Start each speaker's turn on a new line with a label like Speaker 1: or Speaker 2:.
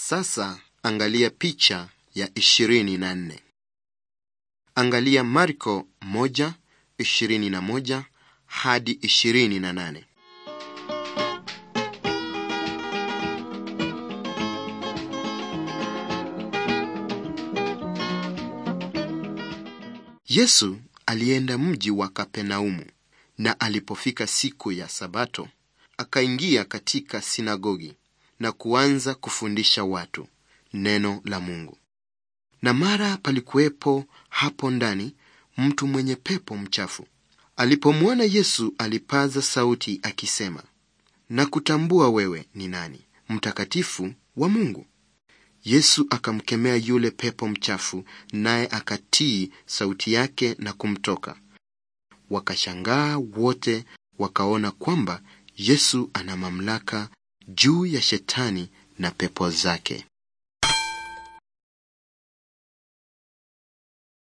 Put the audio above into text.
Speaker 1: Sasa angalia picha ya 24. Angalia Marko 1:21 hadi 28. Yesu alienda mji wa Kapernaumu na alipofika siku ya Sabato, akaingia katika sinagogi na kuanza kufundisha watu neno la Mungu. Na mara palikuwepo hapo ndani mtu mwenye pepo mchafu. Alipomwona Yesu alipaza sauti akisema, na kutambua wewe ni nani, mtakatifu wa Mungu. Yesu akamkemea yule pepo mchafu, naye akatii sauti yake na kumtoka. Wakashangaa wote, wakaona kwamba Yesu ana mamlaka juu ya shetani na pepo
Speaker 2: zake.